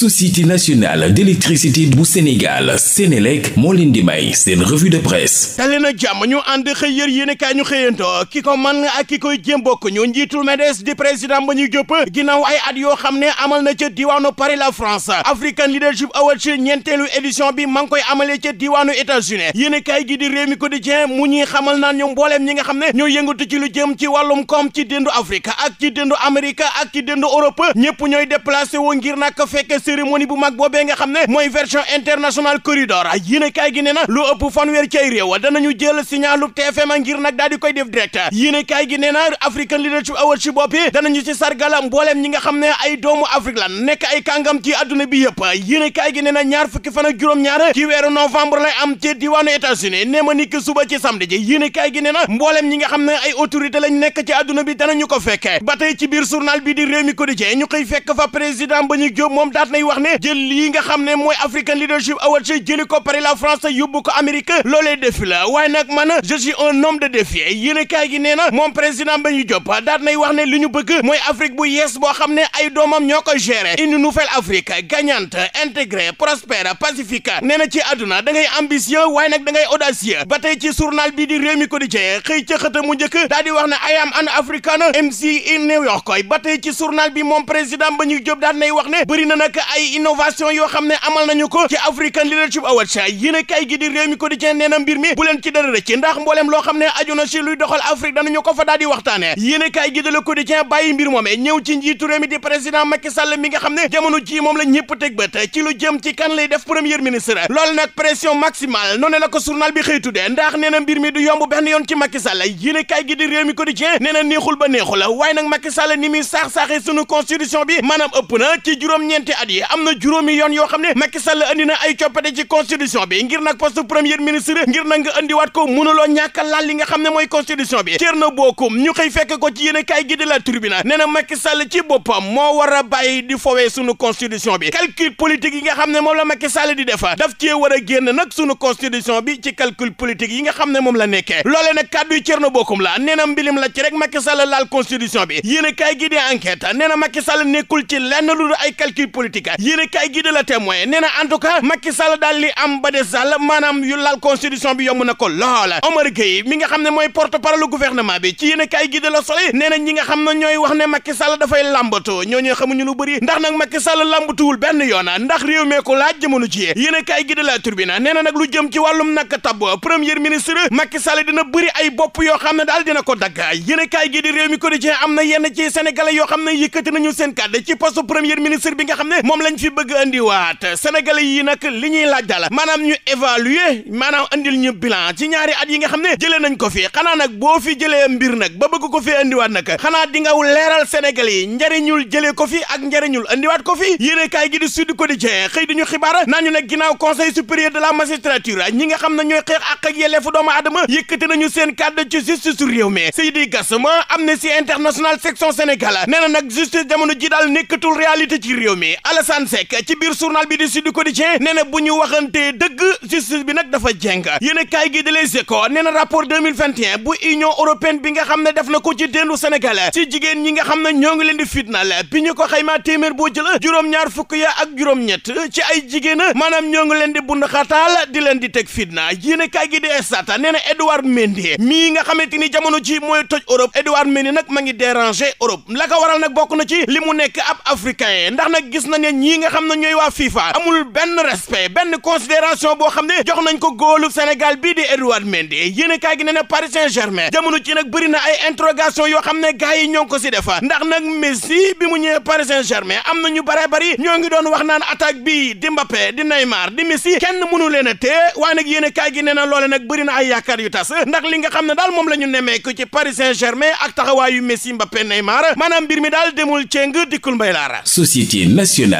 société nationale d'électricité bu Sénégal Sénélec moo leen di may de presse tali na jàmm ñu ànd xëy yër yéenekaay ñu xëyantoo ki ko man ak ki koy jéem bokk ñu njiitul MEDES di président ba ñu jëpp ginnaaw ay at xam ne amal na ca diwaanu Paris la France African Leadership Awards ñeenteelu édition bi ma ngi koy amalee ca diwaanu États-Unis yéenekaay gi di Rewmi Quotidien mu ñuy xamal naan ñoom mbooleem ñi nga xam ne ñoo yëngatu ci lu cérémonie bu mag boobee nga xam ne mooy version internationale a yéene kaay gi ne na lu ëpp fanweer ci ay a danañu jël signalu TFM ngir nag daal di koy def direct yéene kaay gi nee na African Leadership Award ci bopp yi danañu ci sargal mbooleem ñi nga xam ne ay doomu Afrique lan nekk ay kàngam ci adduna bi yëpp yéene kaay gi nee ñaar fukki fan juróom-ñaar ci weeru novembre lay am ci diwaanu États-Unis nee suba ci samedi ji yéene day wax ne jël lii nga xam ne mooy African Leadership Award si jëli ko Paris la France yóbbu ko Amérique loolee défi la waaye nag man je suis un homme de défi yéen kaay gi nee na moom président ba ñu jop daat nay wax ne li ñu bëgg mooy Afrique bu yees boo xam ne ay doomam ñoo ko gérer une nouvelle Afrique gagnante intégrée prospère pacifique nee na ci adduna da ngay ambitieux waaye nag da ngay audacieux ba tey ci journal bii di Rewmi Quotidien xëy ca xët mu njëkk daal di wax ne I am an African MC in New York ba tey ci journal bi moom président ba ñu jop daat nay wax ne a na nag ay innovation yoo xam ne amal nañu ko ci African Leadership Awards yéen a kay gi di réew mi quotidien nee na mbir mi bu leen ci dara rëcc ndax mbooleem loo xam ne aju na si luy doxal Afrique danañu ko fa daal di waxtaane yéen a kay gi di le quotidien bàyyi mbir moomee ñëw ci njiitu réew mi di président Macky Sall mi nga xam ne jamono ji moom la ñëpp teg bët ci lu jëm ci kan lay def premier ministre loolu nag pression maximale noonu la ko journal bi xëy tuddee ndax nee na mbir mi du yomb benn yoon ci Macky Sall yéen a gi di mi quotidien nee na neexul ba neexul waaye nag Macky Sall ni muy saax-saaxee sunu constitution bi maanaam ëpp na ci juróom at yi yi am na juróomi yoon yoo xam ne Macky Sall andi na ay coppite ci constitution bi ngir nag poste premier ministre ngir nag nga andiwaat ko mënuloo ñàkk laal li nga xam ne mooy constitution bi Thierno Bocoum ñu xëy ko ci yéen kaay gi la Tribune nee na Macky Sall ci boppam moo war a bàyyi di fowee sunu constitution bi calcul politique yi nga xam ne moom la Macky Sall di def daf cee war a bi ci calcul politique yi nga xam ne moom la nekkee loole nag kàddu yi Thierno Bocoum la nee na mbilim la ci rek Macky Sall laal constitution bi yéen kaay gi nee na Macky Sall nekkul ci lenn ay calcul politique politique yéen a kaay gi de la témoin nee na en tout cas am ba des sall yu laal constitution bi yomb na ko lool Omar Gueye mi nga xam ne mooy porte parole bi ci yéen a kaay la Soleil nee ñi nga xam ne ñooy wax ne Macky dafay làmbatoo ñooñu xamuñu lu bëri ndax nag Macky Sall làmbatuwul benn yoona ndax réew mee ko laaj jamono ci yéen a kaay gi la Tribune nee nag lu jëm ci wàllum nag tab premier ministre Macky dina bëri moom lañ fi bëgg andiwaat sénégalais yi nag li ñuy laaj daal maanaam ñu évaluer maanaam andil ñu bilan ci ñaari at yi nga xam ne jëlee nañ ko fi xanaa nag boo fi jëlee mbir nag ba bëgg ko fi andiwaat nag xanaa di nga leeral sénégalais yi njariñul jëlee ko fi ak njariñul andiwaat ko fi yéene kaay gi di Sud Quotidien xëy di ñu xibaar naa ñu nag ginnaaw conseil supérieur de la magistrature ñi nga xam ne ñooy xeex ak ak yelleefu doomu aadama seen kàddu ci justice su réew mi Seydi Gassama Amnesty International section Sénégal na nag justice jamono ji daal nekkatul réalité ci réew mi Alassane Seck ci biir journal bi di Sud Quotidien nee na bu ñu waxantee dëgg justice bi nag dafa jeng yéen a kaay gi de Les Échos nee na rapport 2021 bu union européenne bi nga xam ne def na ko ci déndu Sénégal ci jigéen ñi nga xam ne ñoo ngi leen di fitnaal bi ñu ko xaymaa téeméer boo jël juróom-ñaar fukk ya ak juróom-ñett ci ay jigéen maanaam ñoo nga leen di bund xataal di leen di teg fitna yéen a kaay gi di Stades nee na Edouard Mendy mii nga xamante ni jamono ji mooy toj Europe Edouard Mendy nag ma ngi déranger Europe la waral nag bokk na ci li mu nekk africain ndax nag gis nañ ñii nga xam ne ñooy waa FIFA amul benn respect benn considération boo xam ne jox nañ ko góolub Sénégal bii di Edouard Mendy yéen a kaay gi ne ne Paris Saint-Germain jamono ci nag bëri na ay interrogation yoo xam ne gars yi ñoo ngi ko si defa ndax nag Messi bi mu ñëwee Paris Saint-Germain am na ñu bare bari ñoo ngi doon wax naan attaque bi di Mbappé di Neymar di Messi kenn mënu leen a téye waaye nag yéen a kaay ne na loole nag bëri na ay yaakaar yu tas ndax li nga xam ne daal la ñu nemmeeku ci Paris Saint-Germain ak taxawaayu Messi Mbappé Neymar maanaam mbir mi daal demul ceng dikkul mbay laara société nationale